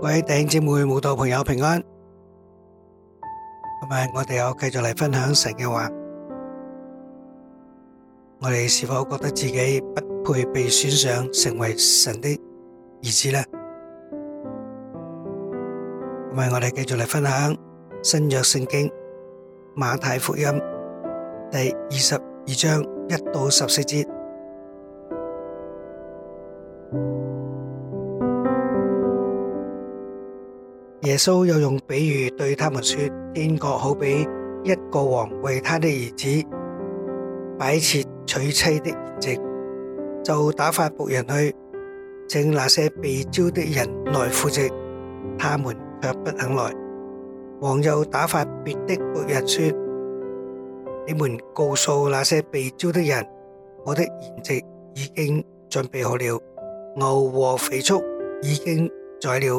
各位弟兄姊妹、慕道朋友平安，今日，我哋又繼續嚟分享神嘅話。我哋是否覺得自己不配被選上成為神的兒子呢？今日，我哋繼續嚟分享新約聖經馬太福音第二十二章一到十四節。耶穌又用比喻對他們說：天國好比一個王為他的兒子擺設娶妻的筵席，就打發僕人去請那些被招的人來赴席，他們卻不肯來。王又打發別的僕人說：你們告訴那些被招的人，我的筵席已經準備好了，牛和肥畜已經宰了。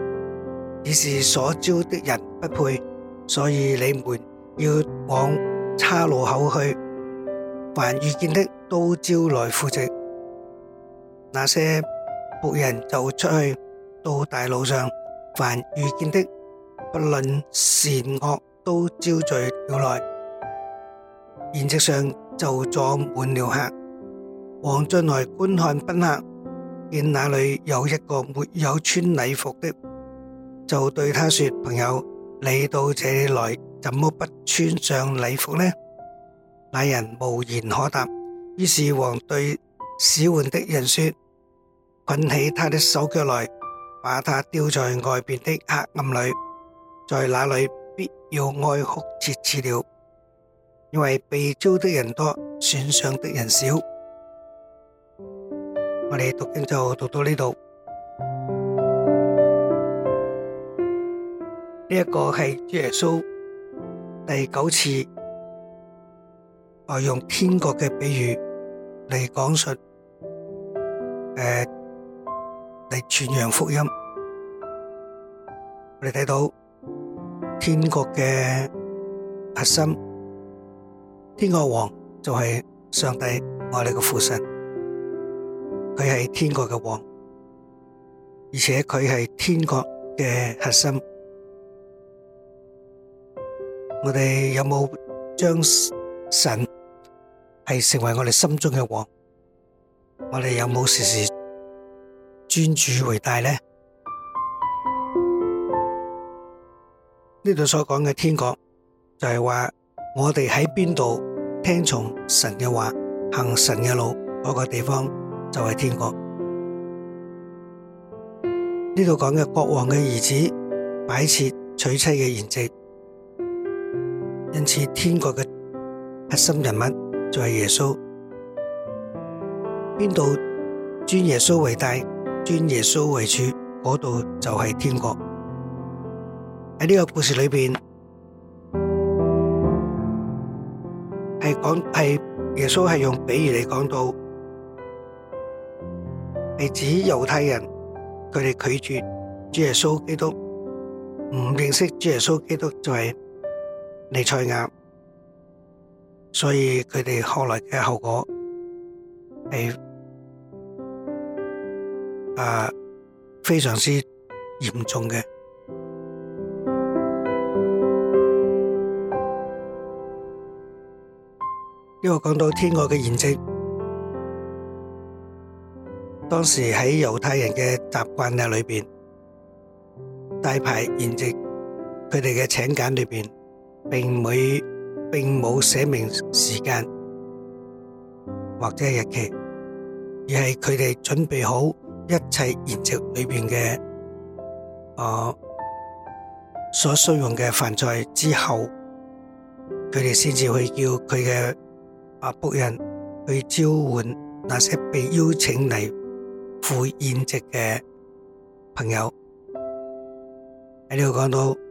只是所招的人不配，所以你們要往岔路口去。凡遇見的都招來赴席。那些僕人就出去到大路上，凡遇見的不論善惡都招聚了來。筵席上就坐滿了客，王進來觀看賓客，見那裏有一個沒有穿禮服的。就對他說：朋友，你到這裏來，怎麼不穿上禮服呢？那人無言可答。於是王對使喚的人說：捆起他的手腳來，把他丟在外邊的黑暗裏，在那裏必要哀哭切齒了，因為被召的人多，選上的人少。我哋讀經就讀到呢度。呢一個係，主耶穌第九次用天國嘅比喻嚟講述，誒嚟傳揚福音。我哋睇到天國嘅核心，天國王就係上帝，我哋嘅父神，佢係天國嘅王，而且佢係天國嘅核心。我哋有冇將神係成為我哋心中嘅王？我哋有冇時時尊主為大呢？呢度所講嘅天國就係話我哋喺邊度聽從神嘅話、行神嘅路嗰個地方就係天國。呢度講嘅國王嘅兒子擺設娶妻嘅筵席。因此，天國嘅核心人物就係耶穌。邊度尊耶穌為帝，尊耶穌為主，嗰度就係天國。喺呢個故事裏面，係講係耶穌係用比喻嚟講到，係指猶太人佢哋拒絕主耶穌基督，唔認識主耶穌基督就係。尼吹鴨，所以佢哋後來嘅後果是、啊、非常之嚴重嘅。因為講到天國嘅宴席，當時喺猶太人嘅習慣啊裏面大排宴席，佢哋嘅請柬裏面。並並冇寫明時間或者日期，而係佢哋準備好一切宴席裏面嘅、啊、所需用嘅飯菜之後，佢哋先至去叫佢嘅阿僕人去召喚那些被邀請嚟赴宴席嘅朋友。喺呢度講到。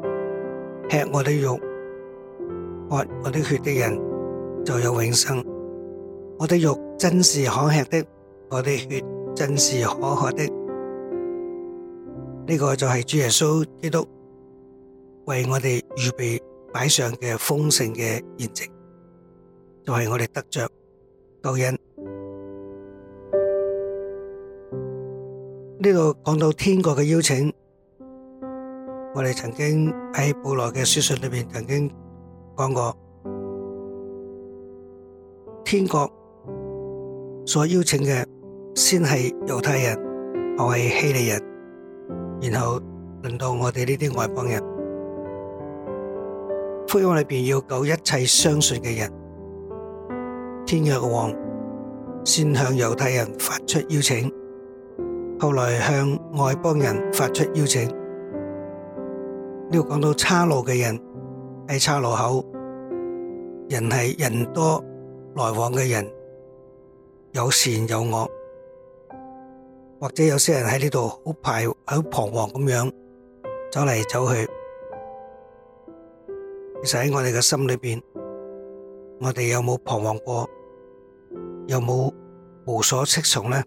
吃我哋肉、喝我哋血的人就有永生。我哋肉真是可吃的，我哋血真是可喝的。呢、這個就係主耶穌基督為我哋預備擺上嘅豐盛嘅筵席，就係、是、我哋得着救恩。呢度講到天國嘅邀請。我哋曾經喺保羅嘅書信裏面曾經講過，天國所邀請嘅先係猶太人，後係希臘人，然後輪到我哋呢啲外邦人。福音裏面要救一切相信嘅人，天若王先向猶太人發出邀請，後來向外邦人發出邀請。呢度講到岔路嘅人喺岔路口，人係人多來往嘅人，有善有惡，或者有些人喺呢度好排好彷徨咁樣走嚟走去。其實喺我哋嘅心裏邊，我哋有冇彷徨過，有冇無所適從呢？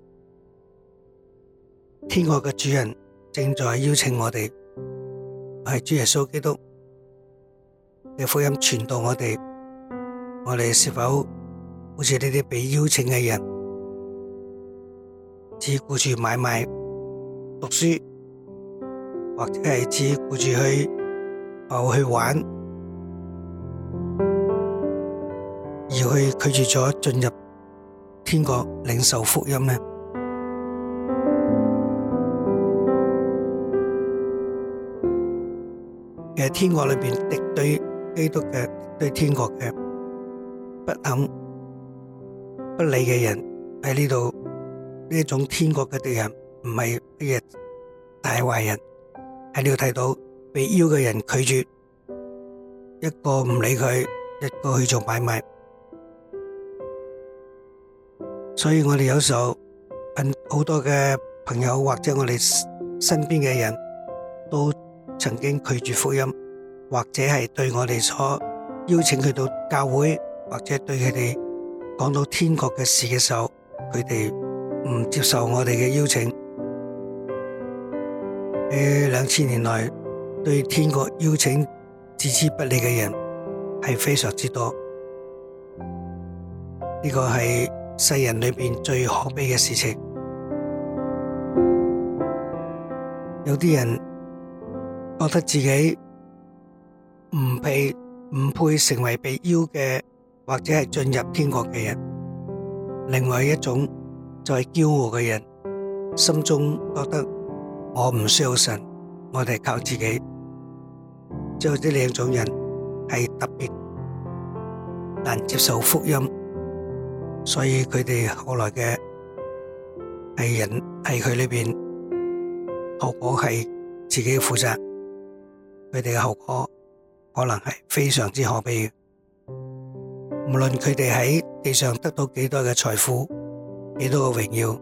天外嘅主人正在邀請我哋。係主耶穌基督嘅福音傳到我哋，我哋是否好似呢啲被邀請嘅人，只顧住買賣、讀書，或者係只顧住去去玩，而去拒絕咗進入天國領受福音呢？喺天國裏邊，敵對基督嘅、對天國嘅不肯不理嘅人，喺呢度呢一種天國嘅敵人，唔係乜嘢大壞人，喺呢度睇到被邀嘅人拒絕，一個唔理佢，一個去做買賣。所以我哋有時候好多嘅朋友或者我哋身邊嘅人都。曾經拒絕福音，或者係對我哋所邀請佢到教會，或者對佢哋講到天國嘅事嘅時候，佢哋唔接受我哋嘅邀請。誒、呃，兩千年來對天國邀請置之不理嘅人係非常之多，呢、這個係世人裏邊最可悲嘅事情。有啲人。覺得自己唔配唔配成為被邀嘅，或者係進入天國嘅人。另外一種就係驕傲嘅人，心中覺得我唔需要神，我哋靠自己。即係呢兩種人係特別難接受福音，所以佢哋後來嘅係人係佢裏面，後果係自己負責。佢哋嘅後果可能係非常之可悲嘅，無論佢哋喺地上得到幾多嘅財富、幾多嘅榮耀，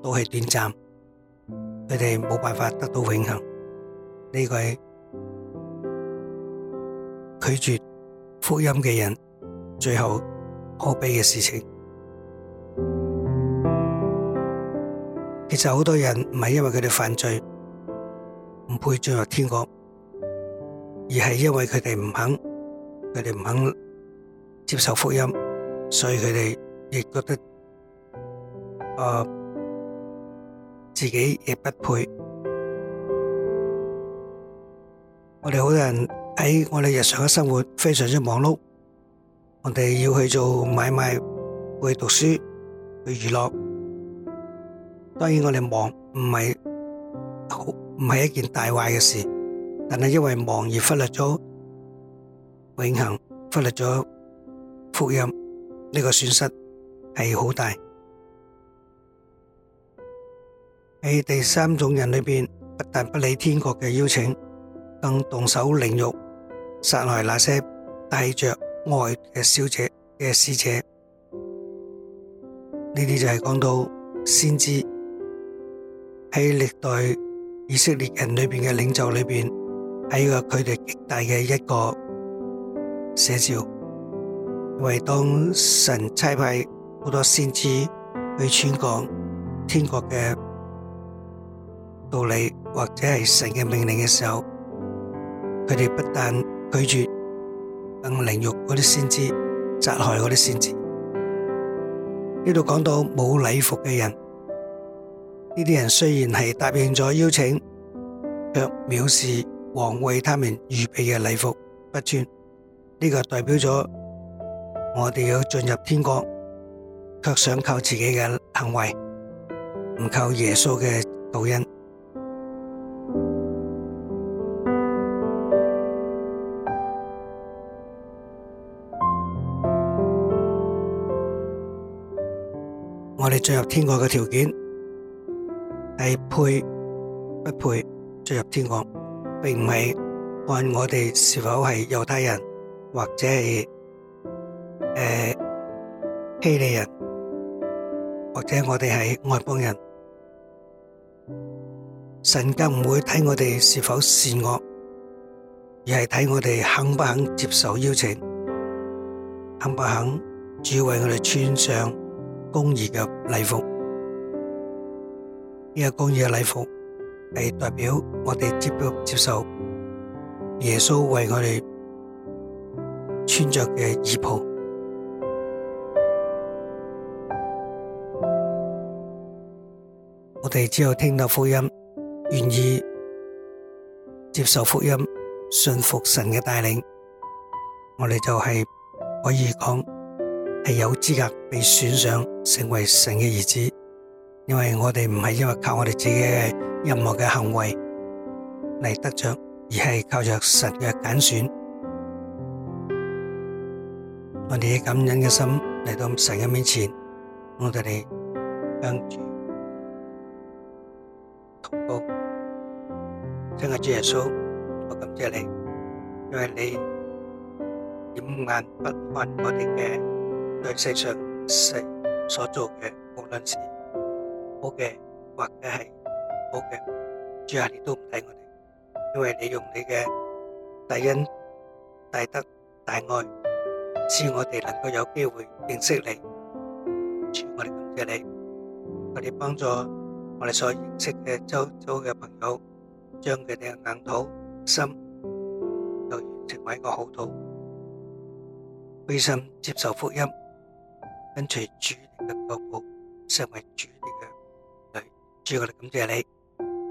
都係短暫。佢哋冇辦法得到永恆。呢個係拒絕福音嘅人最後可悲嘅事情。其實好多人唔係因為佢哋犯罪，唔配進入天國。而係因為佢哋唔肯，佢哋唔肯接受福音，所以佢哋亦覺得啊自己亦不配。我哋好多人喺我哋日常嘅生活非常之忙碌，我哋要去做買賣、去讀書、去娛樂。當然，我哋忙唔係好唔係一件大壞嘅事。但係因為忙而忽略咗永恆，忽略咗福音呢個損失係好大。喺第三種人裏邊，不但不理天國嘅邀請，更動手凌辱，殺害那些帶着愛嘅小姐嘅使者。呢啲就係講到先知喺歷代以色列人裏邊嘅領袖裏邊。係一個佢哋極大嘅一個寫照，因為當神差派好多先知去傳講天國嘅道理或者係神嘅命令嘅時候，佢哋不但拒絕，更凌辱嗰啲先知，殺害嗰啲先知。呢度講到冇禮服嘅人，呢啲人雖然係答應咗邀請，卻藐視。王為他們預備嘅禮服不穿，呢個代表咗我哋要進入天國，卻想靠自己嘅行為，唔靠耶穌嘅道恩。我哋進入天國嘅條件係配不配進入天國？並唔係按我哋是否係猶太人，或者係呃希利人，或者我哋係外邦人，神更唔會睇我哋是否善惡，而係睇我哋肯不肯接受邀請，肯不肯主為我哋穿上公義嘅禮服。呢個公義嘅禮服。係代表我哋接不接受耶穌為我哋穿着嘅衣袍，我哋只有聽到福音，願意接受福音，信服神嘅帶領，我哋就係、是、可以講係有資格被選上成為神嘅兒子，因為我哋唔係因為靠我哋自己嘅。任何嘅行為嚟得着，而係靠着神嘅揀選，我哋嘅感恩嘅心嚟到神嘅面前，我哋嚟向住禱告，真係主耶穌，我感謝你，因為你掩眼不看我哋嘅對世上神所做嘅，無論是好嘅或者係。好嘅，主啊，你都唔睇我哋，因為你用你嘅大恩、大德、大愛，使我哋能夠有機會認識你。主，我哋感謝你，我哋幫助我哋所認識嘅周遭嘅朋友，將佢哋嘅硬土心，就成為一個好土，歸心接受福音，跟隨主嘅腳步，成為主嘅兒女。主，我哋感謝你。